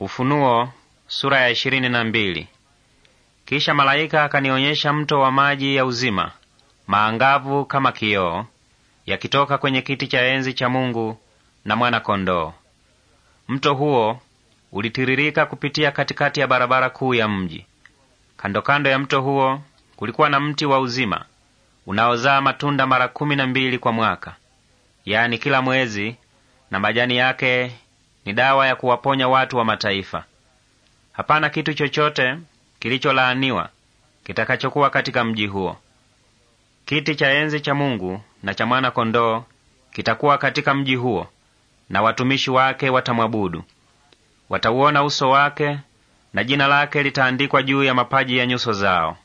Ufunuo sura ya ishirini na mbili. Kisha malaika akanionyesha mto wa maji ya uzima maangavu kama kioo, yakitoka kwenye kiti cha enzi cha Mungu na mwana-kondoo. Mto huo ulitiririka kupitia katikati ya barabara kuu ya mji. Kando kando ya mto huo kulikuwa na mti wa uzima unaozaa matunda mara kumi na mbili kwa mwaka, yaani kila mwezi, na majani yake ni dawa ya kuwaponya watu wa mataifa. Hapana kitu chochote kilicholaaniwa kitakachokuwa katika mji huo. Kiti cha enzi cha Mungu na cha mwana-kondoo kitakuwa katika mji huo, na watumishi wake watamwabudu. Watauona uso wake, na jina lake litaandikwa juu ya mapaji ya nyuso zao.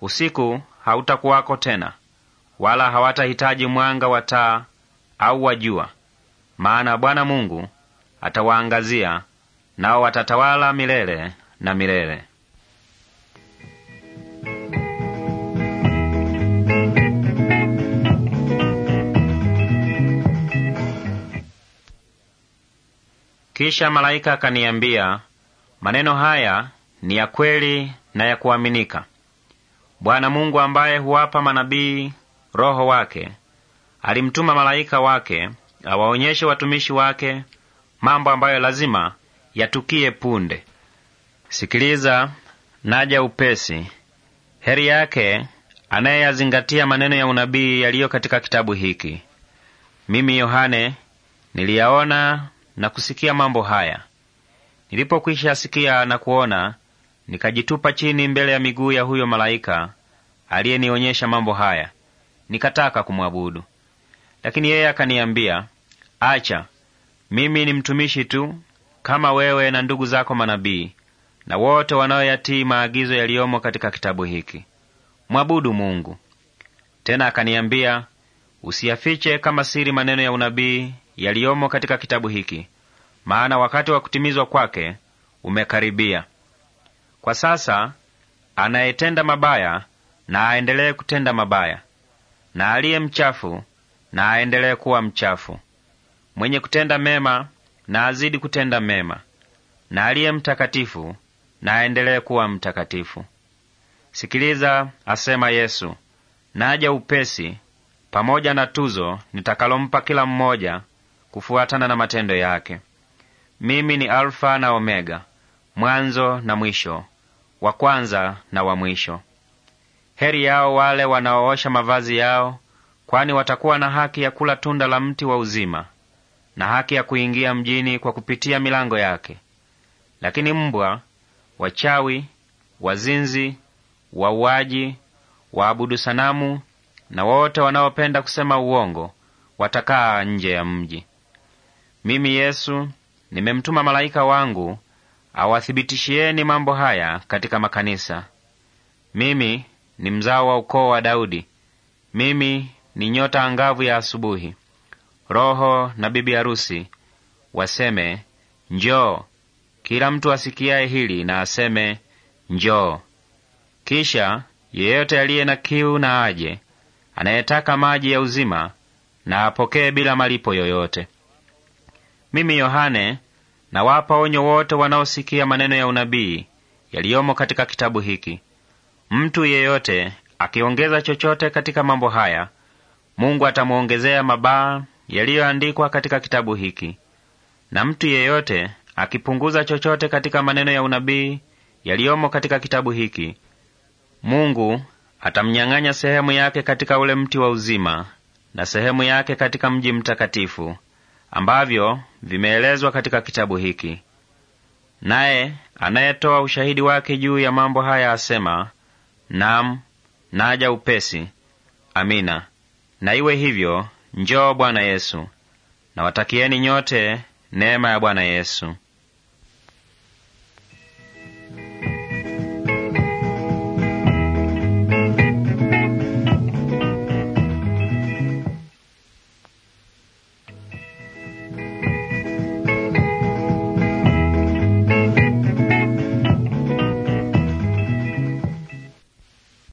Usiku hautakuwako tena, wala hawatahitaji mwanga wa taa au wa jua, maana Bwana Mungu atawaangazia, nao watatawala milele na milele. Kisha malaika akaniambia, maneno haya ni ya kweli na ya kuaminika. Bwana Mungu ambaye huwapa manabii Roho wake alimtuma malaika wake awaonyeshe watumishi wake mambo ambayo lazima yatukie punde. Sikiliza, naja upesi. Heri yake anayeyazingatia maneno ya unabii yaliyo katika kitabu hiki. Mimi Yohane niliyaona na kusikia mambo haya. Nilipokwisha sikia na kuona, nikajitupa chini mbele ya miguu ya huyo malaika aliyenionyesha mambo haya, nikataka kumwabudu. Lakini yeye akaniambia, acha, mimi ni mtumishi tu kama wewe na ndugu zako manabii na wote wanaoyatii maagizo yaliyomo katika kitabu hiki. Mwabudu Mungu. Tena akaniambia, usiyafiche kama siri maneno ya unabii yaliyomo katika kitabu hiki, maana wakati wa kutimizwa kwake umekaribia. Kwa sasa anayetenda mabaya na aendelee kutenda mabaya, na aliye mchafu na aendelee kuwa mchafu mwenye kutenda mema na azidi kutenda mema, na aliye mtakatifu na aendelee kuwa mtakatifu. Sikiliza, asema Yesu, naja upesi, pamoja na tuzo nitakalompa kila mmoja kufuatana na matendo yake. Mimi ni Alfa na Omega, mwanzo na mwisho, wa kwanza na wa mwisho. Heri yao wale wanaoosha mavazi yao, kwani watakuwa na haki ya kula tunda la mti wa uzima na haki ya kuingia mjini kwa kupitia milango yake. Lakini mbwa, wachawi, wazinzi, wauaji, waabudu sanamu na wote wanaopenda kusema uongo watakaa nje ya mji. Mimi Yesu nimemtuma malaika wangu awathibitishieni mambo haya katika makanisa. Mimi ni mzao wa ukoo wa Daudi, mimi ni nyota angavu ya asubuhi. Roho na bibi harusi waseme njoo. Kila mtu asikiaye hili na aseme njoo. Kisha yeyote aliye na kiu na aje, anayetaka maji ya uzima na apokee bila malipo yoyote. Mimi Yohane nawapa onyo wote wanaosikia maneno ya unabii yaliyomo katika kitabu hiki. Mtu yeyote akiongeza chochote katika mambo haya, Mungu atamwongezea mabaa yaliyoandikwa katika kitabu hiki, na mtu yeyote akipunguza chochote katika maneno ya unabii yaliyomo katika kitabu hiki, Mungu atamnyang'anya sehemu yake katika ule mti wa uzima na sehemu yake katika mji mtakatifu, ambavyo vimeelezwa katika kitabu hiki. Naye anayetoa ushahidi wake juu ya mambo haya asema, nam naja upesi. Amina, na iwe hivyo. Njoo Bwana Yesu. watakieni nyote neema ya Bwana Yesu.